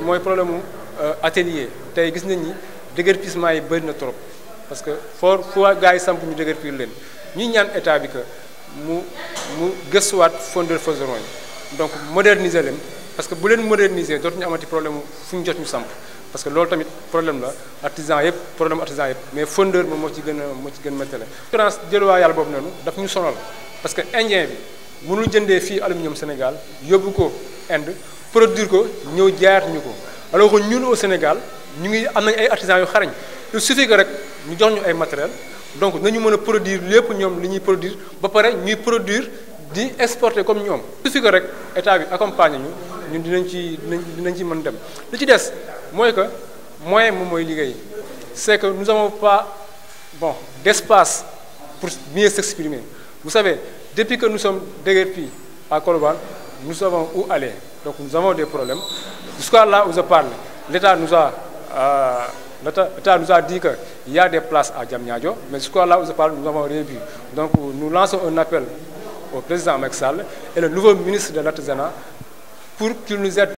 mooy problème mu euh, atelier tey gis nañ ni déguerpissement yi bëri na trop parce que foo foo gars yi samp ñu déguerpir leen ñuy ñaan état bi que mu mu gëstuwaat fondeur forgeron yi donc moderniser leen parce que bu leen moderniser dootuñu amati problème fu ñu jot ñu samp parce que loolu tamit problème la artisan yëpp problème artisan yëpp mais fondeur moom moo ci gën a moo ci gën méttale assurance jëluwaa yàlla boobu noonu daf ñu sonal parce que indien bi mënul jëndee fii aluminium Sénégal yóbbu ko Inde produire ko ñeu jaar ñuko alors que ñun au Sénégal ñu ngi am nañ ay artisans yu xarañ il suffit que rek ñu jox ñu ay matériel donc nañu mëna produire lepp ñom li ñuy produire ba paré ñuy produire di exporter comme ñom il suffit que rek état bi nous, ñu ñun dinañ ci dinañ ci mën dem li ci dess moy que moyen c'est que nous avons pas bon d'espace pour mieux s'exprimer vous savez depuis que nous sommes déguerpis à Colobane nous savons où aller. Donc nous avons des problèmes. Jusqu'à là où je parle, l'État nous a... Euh, nous a dit qu'il y a des places à Djamnyadjo, mais jusqu'à là où je parle, nous avons rien Donc nous lançons un appel au président Maxal et le nouveau ministre de l'artisanat pour qu'il nous aide.